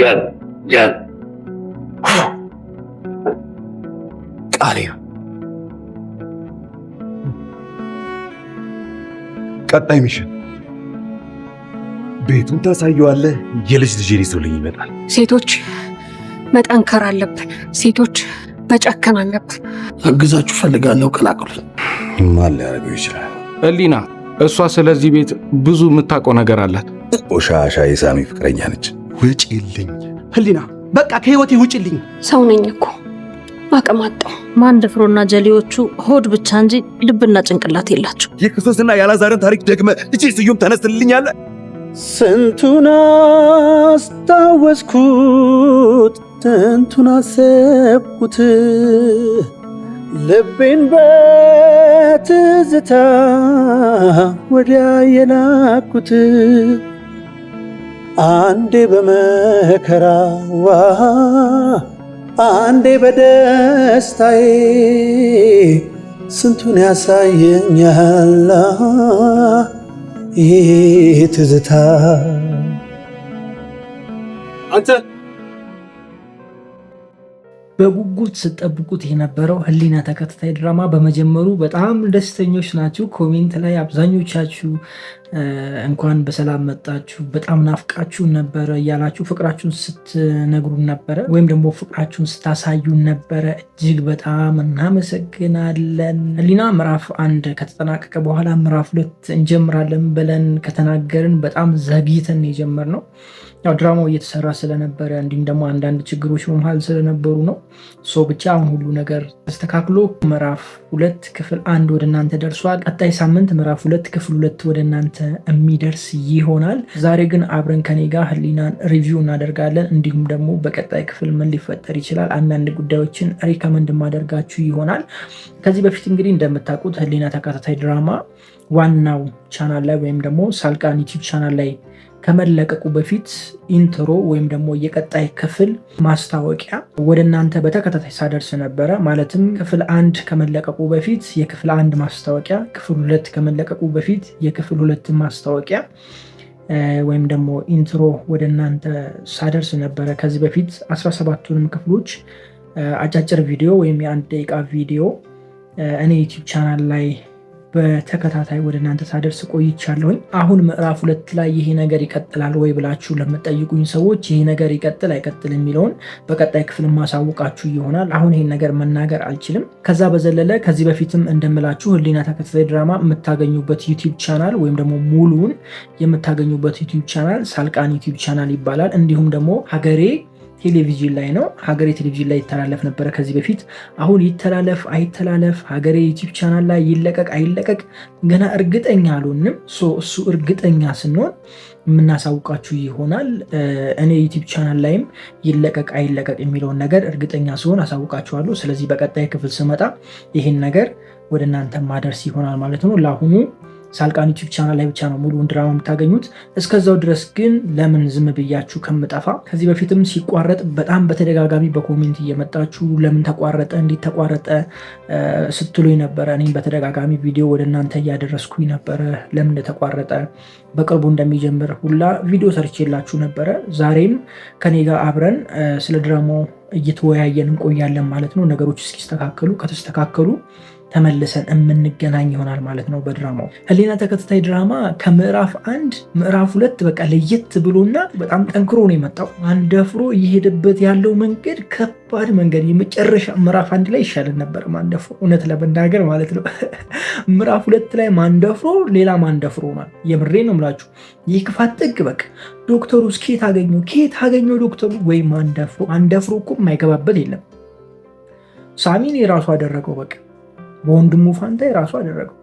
जल जल ቃሌም ቀጣይ ሚሽን ቤቱን ታሳየዋለህ። የልጅ ልጅ ይዞልኝ ይመጣል። ሴቶች መጠንከር አለብን። ሴቶች መጨከን አለብን። አግዛችሁ ፈልጋለሁ። ቀላቅሉኝ። ማን ሊያደርገው ይችላል? እሊና እሷ ስለዚህ ቤት ብዙ የምታውቀው ነገር አላት። ቆሻሻ የሳሚ ፍቅረኛ ነች። ውጪልኝ ህሊና፣ በቃ ከህይወቴ ውጪልኝ። ሰው ነኝ እኮ አቅም አጣሁ። ደፍሮና ጀሌዎቹ ሆድ ብቻ እንጂ ልብና ጭንቅላት የላቸው። የክርስቶስና የአልዓዛርን ታሪክ ደግመ እቺ ስዩም ተነስልኛለ። ስንቱን አስታወስኩት፣ ስንቱን አሰብኩት፣ ልቤን በትዝታ ወዲያ የላኩት አንዴ በመከራዋ አንዴ በደስታዬ ስንቱን ያሳየኛል ይህ ትዝታ አንተ በጉጉት ስጠብቁት የነበረው ህሊና ተከታታይ ድራማ በመጀመሩ በጣም ደስተኞች ናችሁ። ኮሜንት ላይ አብዛኞቻችሁ እንኳን በሰላም መጣችሁ፣ በጣም ናፍቃችሁ ነበረ እያላችሁ ፍቅራችሁን ስትነግሩን ነበረ፣ ወይም ደግሞ ፍቅራችሁን ስታሳዩን ነበረ። እጅግ በጣም እናመሰግናለን። ህሊና ምዕራፍ አንድ ከተጠናቀቀ በኋላ ምዕራፍ ሁለት እንጀምራለን ብለን ከተናገርን በጣም ዘግይተን የጀመርነው ያው ድራማው እየተሰራ ስለነበረ እንዲሁም ደግሞ አንዳንድ ችግሮች በመሀል ስለነበሩ ነው። ሶ ብቻ አሁን ሁሉ ነገር ተስተካክሎ ምዕራፍ ሁለት ክፍል አንድ ወደ እናንተ ደርሷል። ቀጣይ ሳምንት ምዕራፍ ሁለት ክፍል ሁለት ወደ እናንተ የሚደርስ ይሆናል። ዛሬ ግን አብረን ከኔ ጋር ህሊናን ሪቪው እናደርጋለን። እንዲሁም ደግሞ በቀጣይ ክፍል ምን ሊፈጠር ይችላል አንዳንድ ጉዳዮችን ሪከመንድ ማደርጋችሁ ይሆናል። ከዚህ በፊት እንግዲህ እንደምታውቁት ህሊና ተከታታይ ድራማ ዋናው ቻናል ላይ ወይም ደግሞ ሳልቃን ዩቲዩብ ቻናል ላይ ከመለቀቁ በፊት ኢንትሮ ወይም ደግሞ የቀጣይ ክፍል ማስታወቂያ ወደ እናንተ በተከታታይ ሳደርስ ነበረ። ማለትም ክፍል አንድ ከመለቀቁ በፊት የክፍል አንድ ማስታወቂያ፣ ክፍል ሁለት ከመለቀቁ በፊት የክፍል ሁለት ማስታወቂያ ወይም ደግሞ ኢንትሮ ወደ እናንተ ሳደርስ ነበረ። ከዚህ በፊት 17ቱንም ክፍሎች አጫጭር ቪዲዮ ወይም የአንድ ደቂቃ ቪዲዮ እኔ ዩቲዩብ ቻናል ላይ በተከታታይ ወደ እናንተ ሳደርስ ቆይቻለሁኝ። አሁን ምዕራፍ ሁለት ላይ ይሄ ነገር ይቀጥላል ወይ ብላችሁ ለምጠይቁኝ ሰዎች ይሄ ነገር ይቀጥል አይቀጥል የሚለውን በቀጣይ ክፍል ማሳውቃችሁ ይሆናል። አሁን ይሄን ነገር መናገር አልችልም። ከዛ በዘለለ ከዚህ በፊትም እንደምላችሁ ህሊና ተከታታይ ድራማ የምታገኙበት ዩቲዩብ ቻናል ወይም ደግሞ ሙሉውን የምታገኙበት ዩቲዩብ ቻናል ሳልቃን ዩቲዩብ ቻናል ይባላል። እንዲሁም ደግሞ ሀገሬ ቴሌቪዥን ላይ ነው። ሀገሬ ቴሌቪዥን ላይ ይተላለፍ ነበረ ከዚህ በፊት። አሁን ይተላለፍ አይተላለፍ፣ ሀገሬ ዩቲዩብ ቻናል ላይ ይለቀቅ አይለቀቅ ገና እርግጠኛ አልሆንም። እሱ እርግጠኛ ስንሆን የምናሳውቃችሁ ይሆናል። እኔ ዩቲዩብ ቻናል ላይም ይለቀቅ አይለቀቅ የሚለውን ነገር እርግጠኛ ሲሆን አሳውቃችኋለሁ። ስለዚህ በቀጣይ ክፍል ስመጣ ይህን ነገር ወደ እናንተ ማደርስ ይሆናል ማለት ነው። ለአሁኑ ሳልቃን ዩቲዩብ ቻናል ላይ ብቻ ነው ሙሉውን ድራማ የምታገኙት። እስከዛው ድረስ ግን ለምን ዝም ብያችሁ ከምጠፋ ከዚህ በፊትም ሲቋረጥ በጣም በተደጋጋሚ በኮሜንት እየመጣችሁ ለምን ተቋረጠ እንዴት ተቋረጠ ስትሉኝ ነበረ። እኔም በተደጋጋሚ ቪዲዮ ወደ እናንተ እያደረስኩኝ ነበረ ለምን እንደተቋረጠ በቅርቡ እንደሚጀምር ሁላ ቪዲዮ ሰርቼላችሁ ነበረ። ዛሬም ከኔ ጋር አብረን ስለ ድራማው እየተወያየን እንቆያለን ማለት ነው። ነገሮች እስኪስተካከሉ ከተስተካከሉ ተመልሰን የምንገናኝ ይሆናል ማለት ነው። በድራማው ህሊና ተከታታይ ድራማ ከምዕራፍ አንድ ምዕራፍ ሁለት በቃ ለየት ብሎና በጣም ጠንክሮ ነው የመጣው። ማንደፍሮ እየሄደበት ያለው መንገድ ከባድ መንገድ የመጨረሻ ምዕራፍ አንድ ላይ ይሻለን ነበር ማንደፍሮ፣ እውነት ለመናገር ማለት ነው። ምዕራፍ ሁለት ላይ ማንደፍሮ ሌላ ማንደፍሮ ሆኗል። የምሬ ነው የምላችሁ። ይህ ክፋት ጥግ በቃ ዶክተሩ እስኬት አገኘው ኬት አገኘው ዶክተሩ ወይም ማንደፍሮ። ማንደፍሮ እኮ የማይገባበት የለም። ሳሚን የራሱ አደረገው በቃ በወንድሙ ፋንታ የራሱ አደረገው።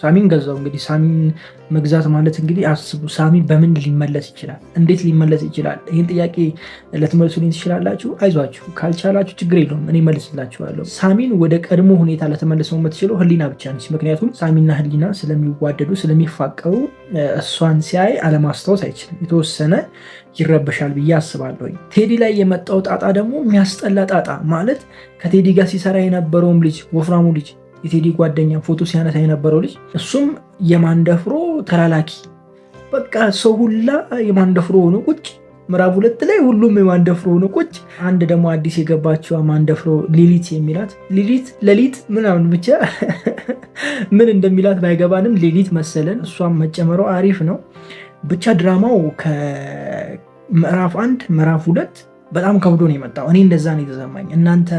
ሳሚን ገዛው። እንግዲህ ሳሚን መግዛት ማለት እንግዲህ አስቡ፣ ሳሚ በምን ሊመለስ ይችላል? እንዴት ሊመለስ ይችላል? ይህን ጥያቄ ልትመልሱልኝ ትችላላችሁ። አይዟችሁ፣ ካልቻላችሁ ችግር የለውም፣ እኔ መልስላችኋለሁ። ሳሚን ወደ ቀድሞ ሁኔታ ለተመለሰው የምትችለው ህሊና ብቻ ነች። ምክንያቱም ሳሚና ህሊና ስለሚዋደዱ ስለሚፋቀሩ እሷን ሲያይ አለማስታወስ አይችልም። የተወሰነ ይረበሻል ብዬ አስባለሁ። ቴዲ ላይ የመጣው ጣጣ ደግሞ የሚያስጠላ ጣጣ ማለት ከቴዲ ጋር ሲሰራ የነበረውም ልጅ ወፍራሙ ልጅ የቴዲ ጓደኛ ፎቶ ሲያነሳ የነበረው ልጅ እሱም የማንደፍሮ ተላላኪ በቃ ሰው ሁላ የማንደፍሮ ሆኖ ቁጭ ምዕራብ ሁለት ላይ ሁሉም የማንደፍሮ ሆኖ ቁጭ። አንድ ደግሞ አዲስ የገባቸው ማንደፍሮ ሊሊት የሚላት ሊሊት ለሊት ምናምን ብቻ ምን እንደሚላት ባይገባንም ሊሊት መሰለን እሷም መጨመረው አሪፍ ነው። ብቻ ድራማው ከምዕራፍ አንድ ምዕራፍ ሁለት በጣም ከብዶ ነው የመጣው። እኔ እንደዛ ነው የተሰማኝ። እናንተ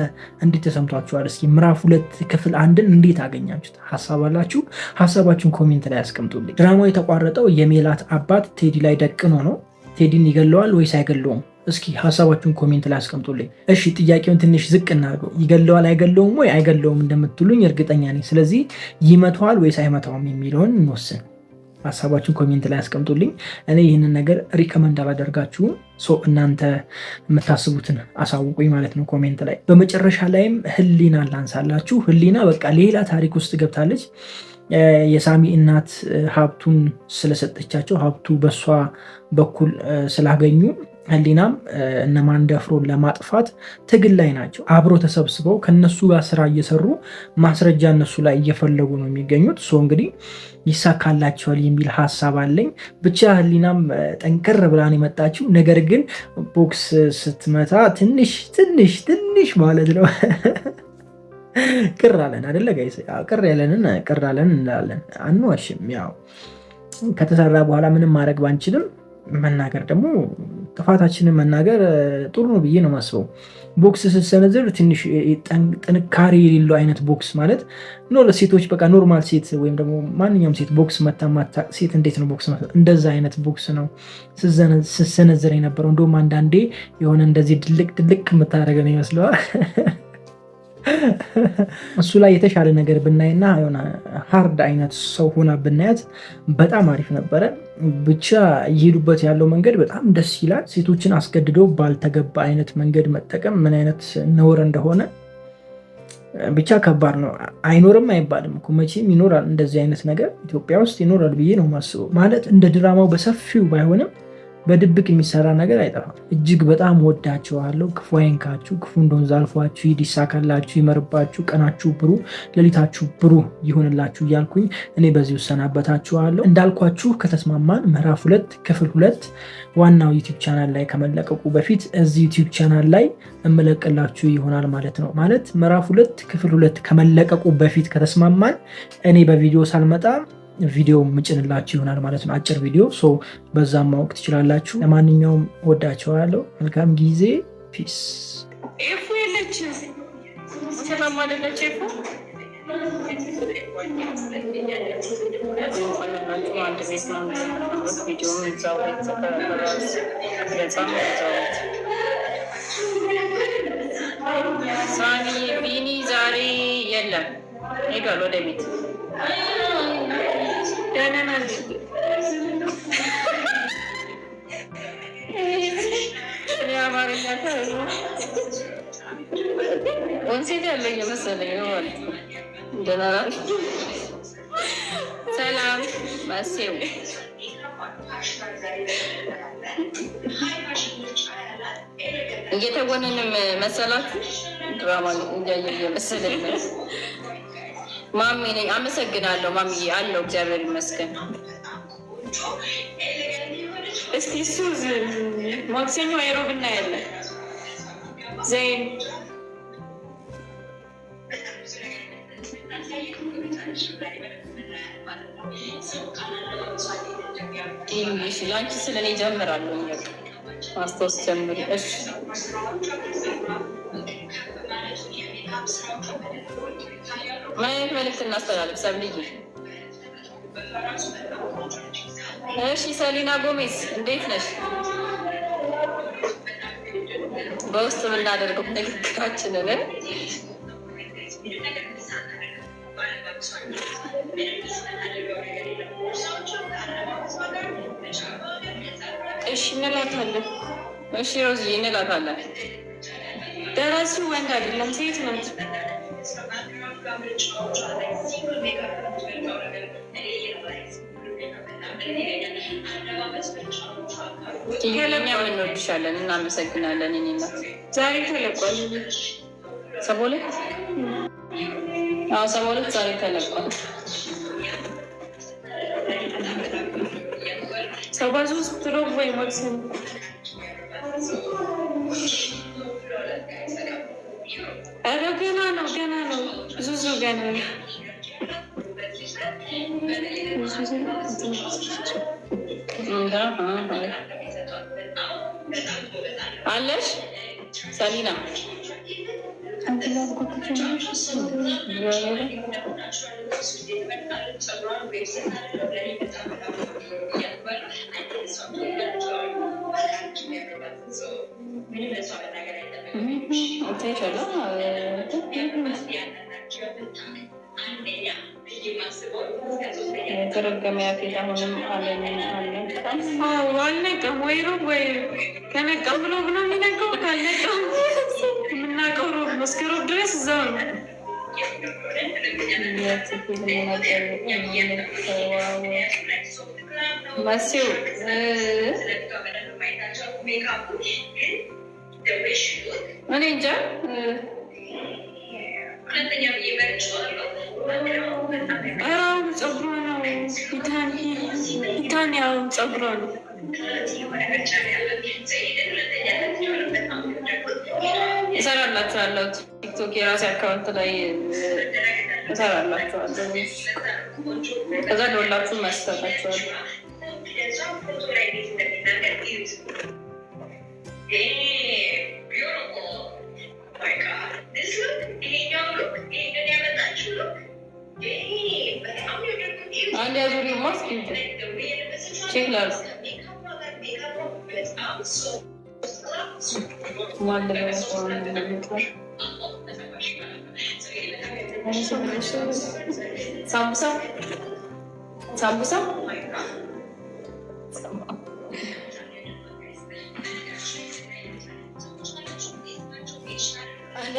እንዴት ተሰምቷችኋል? እስኪ ምዕራፍ ሁለት ክፍል አንድን እንዴት አገኛችሁት? ሀሳብ አላችሁ? ሀሳባችሁን ኮሜንት ላይ አስቀምጡልኝ። ድራማው የተቋረጠው የሜላት አባት ቴዲ ላይ ደቅኖ ነው። ቴዲን ይገለዋል ወይስ አይገለውም? እስኪ ሀሳባችሁን ኮሜንት ላይ አስቀምጡልኝ። እሺ ጥያቄውን ትንሽ ዝቅ እናድርገው። ይገለዋል አይገለውም ወይ? አይገለውም እንደምትሉኝ እርግጠኛ ነኝ። ስለዚህ ይመተዋል ወይስ አይመታውም የሚለውን እንወስን። ሀሳባችሁን ኮሜንት ላይ አስቀምጡልኝ። እኔ ይህንን ነገር ሪከመንድ አላደርጋችሁም። እናንተ የምታስቡትን አሳውቁኝ ማለት ነው ኮሜንት ላይ። በመጨረሻ ላይም ህሊና ላንሳላችሁ። ህሊና በቃ ሌላ ታሪክ ውስጥ ገብታለች። የሳሚ እናት ሀብቱን ስለሰጠቻቸው ሀብቱ በሷ በኩል ስላገኙ ህሊናም እነ ማንደፍሮን ለማጥፋት ትግል ላይ ናቸው። አብሮ ተሰብስበው ከነሱ ጋር ስራ እየሰሩ ማስረጃ እነሱ ላይ እየፈለጉ ነው የሚገኙት። ሶ እንግዲህ ይሳካላቸዋል የሚል ሀሳብ አለኝ። ብቻ ህሊናም ጠንከር ብላን የመጣችው ነገር ግን ቦክስ ስትመታ ትንሽ ትንሽ ትንሽ ማለት ነው ቅር አለን አደለ ቅር ያለንን ቅር አለን እንላለን። አንዋሽም። ያው ከተሰራ በኋላ ምንም ማድረግ ባንችልም መናገር ደግሞ ጥፋታችንን መናገር ጥሩ ነው ብዬ ነው ማስበው። ቦክስ ስሰነዝር ትንሽ ጥንካሬ የሌለው አይነት ቦክስ ማለት ኖ ሴቶች በቃ ኖርማል ሴት ወይም ደግሞ ማንኛውም ሴት ቦክስ መታ ሴት እንዴት ነው ቦክስ መታ እንደዛ አይነት ቦክስ ነው ስሰነዝር የነበረው። እንደውም አንዳንዴ የሆነ እንደዚህ ድልቅ ድልቅ የምታደርገን ይመስለዋል። እሱ ላይ የተሻለ ነገር ብናይና የሆነ ሀርድ አይነት ሰው ሆና ብናያት በጣም አሪፍ ነበረ። ብቻ እየሄዱበት ያለው መንገድ በጣም ደስ ይላል። ሴቶችን አስገድዶ ባልተገባ አይነት መንገድ መጠቀም ምን አይነት ነውር እንደሆነ ብቻ ከባድ ነው። አይኖርም አይባልም እኮ መቼም ይኖራል። እንደዚህ አይነት ነገር ኢትዮጵያ ውስጥ ይኖራል ብዬ ነው የማስበው። ማለት እንደ ድራማው በሰፊው ባይሆንም በድብቅ የሚሰራ ነገር አይጠፋም። እጅግ በጣም ወዳችኋለሁ። ክፉ አይንካችሁ፣ ክፉ እንደሆን ዛልፏችሁ፣ ይህ ይመርባችሁ፣ ቀናችሁ ብሩ፣ ሌሊታችሁ ብሩ ይሆንላችሁ እያልኩኝ እኔ በዚህ ውሰናበታችኋለሁ። እንዳልኳችሁ ከተስማማን ምዕራፍ ሁለት ክፍል ሁለት ዋናው ዩቲዩብ ቻናል ላይ ከመለቀቁ በፊት እዚህ ዩቲዩብ ቻናል ላይ እመለቅላችሁ ይሆናል ማለት ነው። ማለት ምዕራፍ ሁለት ክፍል ሁለት ከመለቀቁ በፊት ከተስማማን እኔ በቪዲዮ ሳልመጣ ቪዲዮ ምጭንላችሁ ይሆናል ማለት ነው። አጭር ቪዲዮ በዛም ማወቅ ትችላላችሁ። ለማንኛውም ወዳችኋለሁ። መልካም ጊዜ። ፒስ ሳኒ ቢኒ ዛሬ የለም ሄዷል ወደ ቤት ወንሴት ያለኝ መሰለኝ ነው ማለት ደህና ናት። ሰላም ባሴው እየተወነንም መሰላችሁ ድራማ እያየ መሰለኝ ነው ማሚ ነኝ። አመሰግናለሁ ማሚ አለው እግዚአብሔር ይመስገን። እስቲ እሱ ማክሰኞ አይሮብ እናያለን። ዘይን ለአንቺ ስለ እኔ ጀምራለሁ። ማስታወስ ጀምሪ እሺ ማየት መልዕክት እናስተላለፍ። ሰብልይ እሺ። ሰሊና ጎሜዝ እንዴት ነሽ? በውስጥ የምናደርገው ንግግራችንን እሺ እንላታለን። እሺ ሮዝዬ እንላታለን። ደራሲው ወንድ አይደለም ሴት ነው። እኛ እንወድሻለን፣ እናመሰግናለን። እኔ እናት ዛሬ ተለቋል። ሰባ ሁለት አዎ፣ ሰባ ሁለት ዛሬ ተለቋል። ሰባ ሶስት ሮብ ወይ ማክሰኞ ኧረ ገና ነው ገና ነው። ዙዙ ጋር አለሽ ሰሊና የተረገመ ያፌት አሁንም አልነቀም ወይ ሮብ ወይ ከነቀም ብሎ ብሎ የሚነቀው ካልነቀም የምናውቀው ሮብ ነው። እስከ ሮብ ድረስ እዛው ነው። ማሲው እኔ እንጃ አሁን ፀጉሯ ነው ኢታን ያሁን ፀጉሯ ነው። እሰራላችኋለሁ ቲክቶክ የራሴ አካውንት ላይ እሰራላችኋለሁ። ከዛ ደወላችሁ ማስተታችኋል። my god, this look, in your look, in your never touch look. Damn, but how you get confused? And I will mask you. Like the way the message Check love. Makeup on that makeup on, but I'm so. Wonderful, wonderful. Sambusa? Sambusa?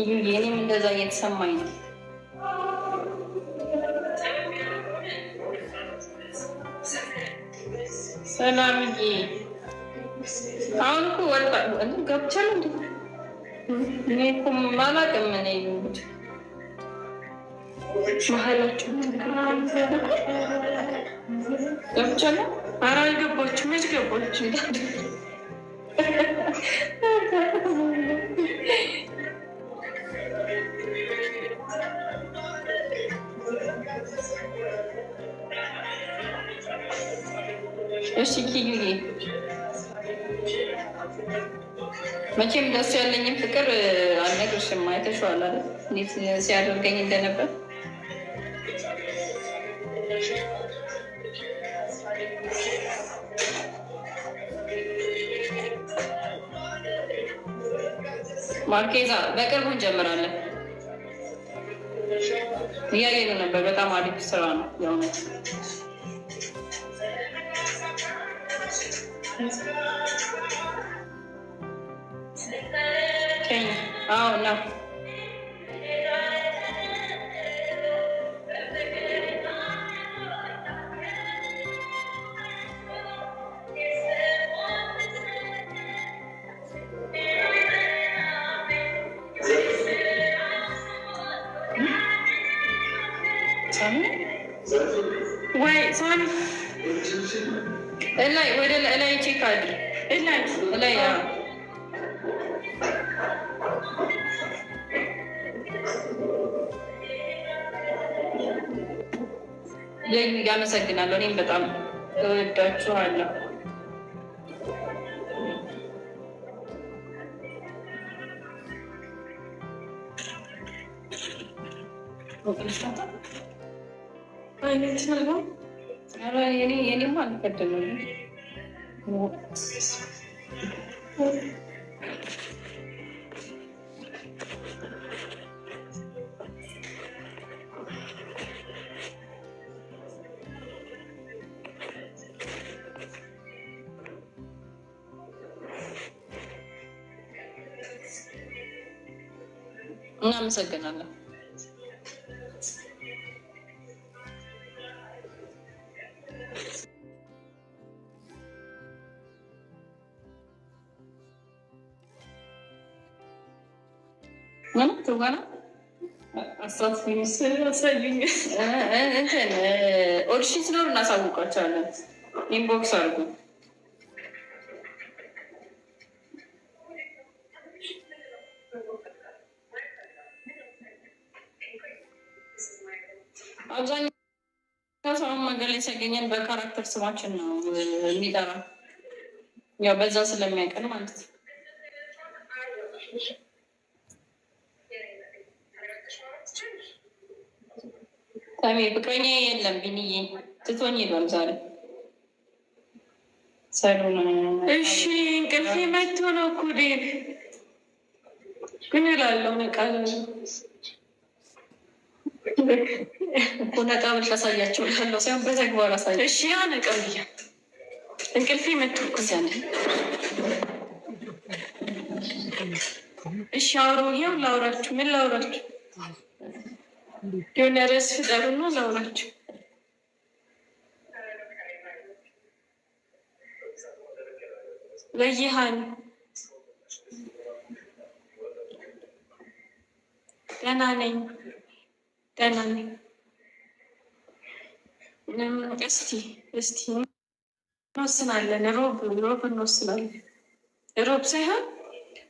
እዩ እንደዛ እየተሰማኝ ነው። ሰላምዬ አሁን እኮ ወጣ ገብቻለሁ። እንደ እኔ እኮ አላውቅም። እኔ መሀላችሁ ገብቻለሁ። ኧረ አልገባችም። መች ገባች? እሺ መቼም ደስ ያለኝም ፍቅር አልነግርሽም። አይተሽዋል አይደል እንዴት ሲያደርገኝ እንደነበር። ማርኬዛ በቅርቡ እንጀምራለን። እያየሉ ነበር። በጣም አሪፍ ስራ ነው የእውነት Okay. Oh no. Öyle ya. እኔም በጣም እወዳችኋለሁ። አይነት ነው። ኧረ የኔማ አልቀደመም። Nggak, saya kenal. ምንም ትወና ኦዲሽን ሲኖር እናሳውቃቸዋለን። ኢንቦክስ አድርጉ። አብዛኛው ሰው ሀገር ያገኘን በካራክተር ስማችን ነው የሚጠራ፣ ያው በዛ ስለሚያውቀን ማለት ነው። ሰሜ ፍቅረኛ የለም ቢንዬ ትቶኝ ሄዷል። ዛሬ ሰሉን እሺ፣ እንቅልፌ መቶ ነው እኮ ዴል ምን እላለሁ? ነቃ እኮ ነቃ ብል ታሳያቸው ላለው ሳይሆን በተግባር አሳ እሺ፣ ያ ነቃ ብያ እንቅልፌ መቶ እኮ እዚያ እሺ፣ አውሩ፣ ይኸው ላውራችሁ፣ ምን ላውራችሁ የሆነ ርዕስ ፍጠሩና ላውራቸው። በይሃን ደህና ነኝ፣ ደህና ነኝ። እስቲ እስቲ እንወስናለን፣ ሮብ ሮብ እንወስናለን። ሮብ ሳይሆን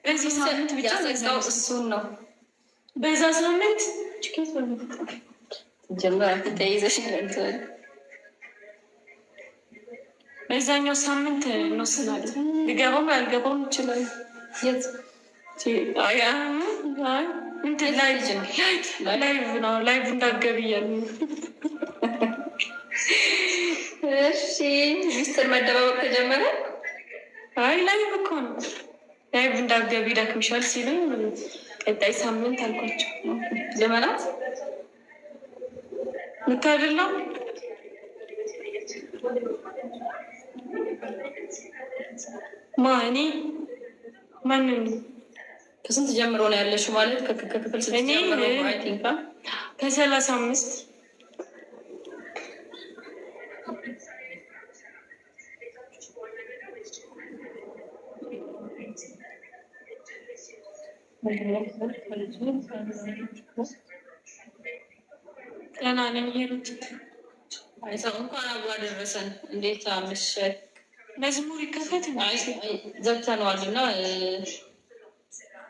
በዚህ ሳምንት ብቻ ዘጋው እሱን ነው በዛ ሳምንት ችኬት ጀምራ ተያይዘሽ ይላል። በዛኛው ሳምንት እንወስናለን። ልገባም ላልገባም ይችላል። ላይቭ እንዳትገቢ እያሉ እሺ። ሚስጥር መደባበቅ ተጀመረ። አይ ላይቭ እኮ ነው። ላይቭ እንዳትገቢ ይደክምሻል ሲለኝ ቀጣይ ሳምንት አልኳቸው። ዘመናት ምታደለው ማ እኔ ማንን ከስንት ጀምሮ ነው ያለሽ? ማለት ከክፍል ስድስት ከሰላሳ አምስት ቀና ነው አይሰው እንኳን አብሮ አደረሰን። እንዴት አመሸ። መዝሙር ይከፈት ዘግተነዋል እና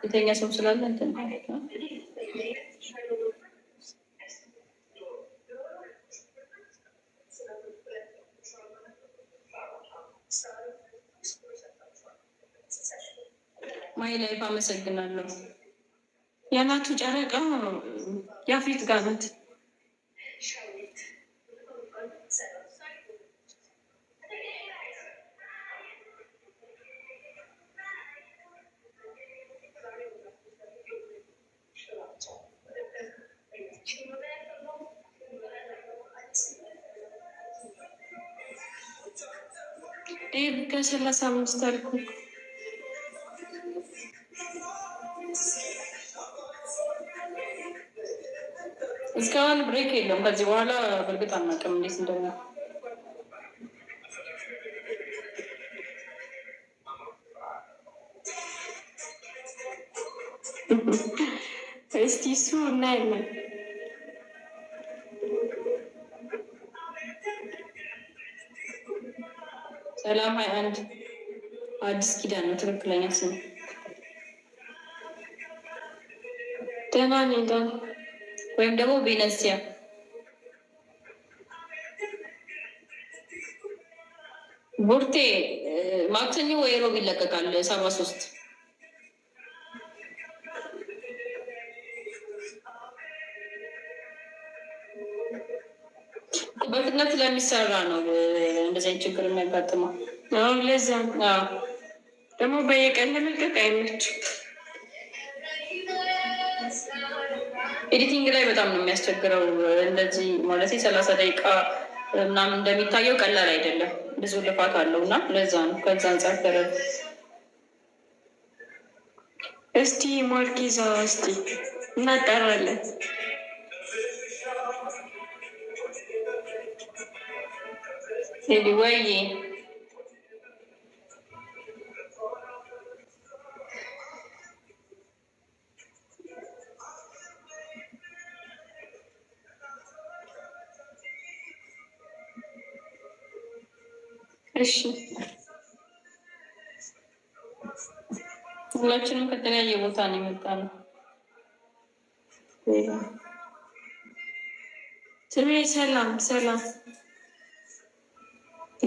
የተኛ ሰው ስላለ እንትን ማይ ላይፍ አመሰግናለሁ። የናቱ ጨረቃ ያፌት ጋር ናት። ይህ ከሰላሳ አምስት አልኩ። ታሪክ የለም። ከዚህ በኋላ በእርግጥ አናውቅም እንዴት እንደሆነ። እስቲ እሱ እናያለን። ሰላም ሀይ አንድ አዲስ ኪዳን ነው ትክክለኛ ስም። ደህና ነኝ ወይም ደግሞ ቤነስያ ቡርቴ ማክሰኞ ወይ ሮብ ይለቀቃል። ሰባ ሶስት በፍጥነት ስለሚሰራ ነው እንደዚህ ችግር የሚያጋጥመው። ለዛ ደግሞ በየቀን ለመልቀቅ አይመች ኤዲቲንግ ላይ በጣም ነው የሚያስቸግረው። እንደዚህ ማለት ሰላሳ ደቂቃ ምናምን እንደሚታየው ቀላል አይደለም። ብዙ ልፋት አለው እና ለዛ ነው ከዛ አንጻር ተረዱ። እስቲ ማርኪዛ እስቲ እናጠራለን። ወይዬ እሺ ሁላችንም ከተለያየ ቦታ ነው የመጣነው። ስሜ ሰላም ሰላም፣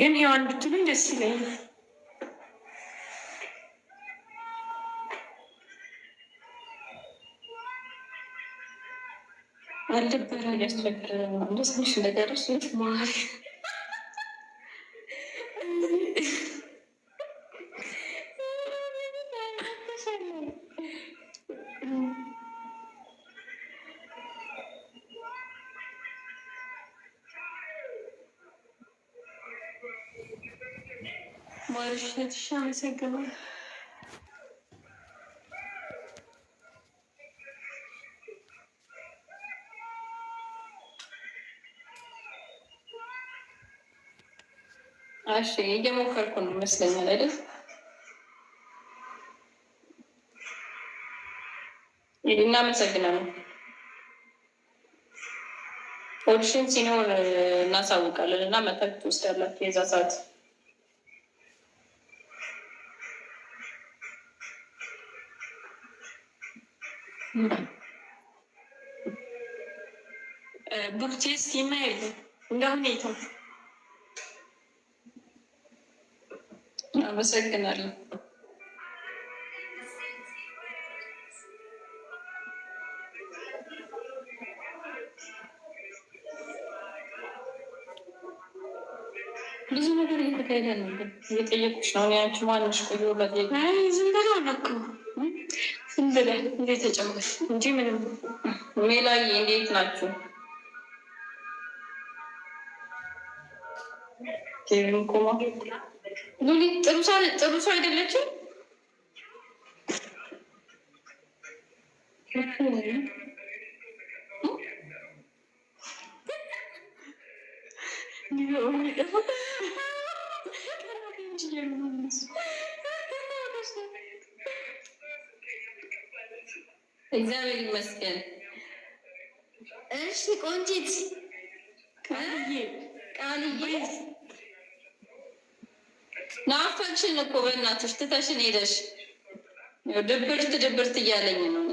ግን ሔዋን ብትሉኝ ደስ ይለኛል። አልደበረ ያስቸግር ደስ ሚሽ ነገር ስ ማርሽነትሽ አመሰግናል። እሺ እየሞከርኩ ነው ይመስለኛል አይደል? እናመሰግናለን። ኦዲሽን ሲኖር እናሳውቃለን እና መተክ ትወስዳላችሁ የዛ ሰዓት ቡርቼ ስቲማ የለም እንደ ሁኔታው። አመሰግናለሁ። ብዙ ነገር እየተካሄደ ነው። ግን ነው። ያንቺ ማንሽ ቆየ ዝም ብለው ነው ዝም ብለን እንዴት ተጫወት እንጂ ምንም። ሜላዬ እንዴት ናችሁ? ኮማ ሉሊት ጥሩ ሰው አይደለችም። እግዚአብሔር ይመስገን። እሺ ቆንጂት ቃልዬ ቃልዬ ናፈቅሽን እኮ በእናትሽ ትተሽን ሄደሽ ድብርት ድብርት እያለኝ ነው።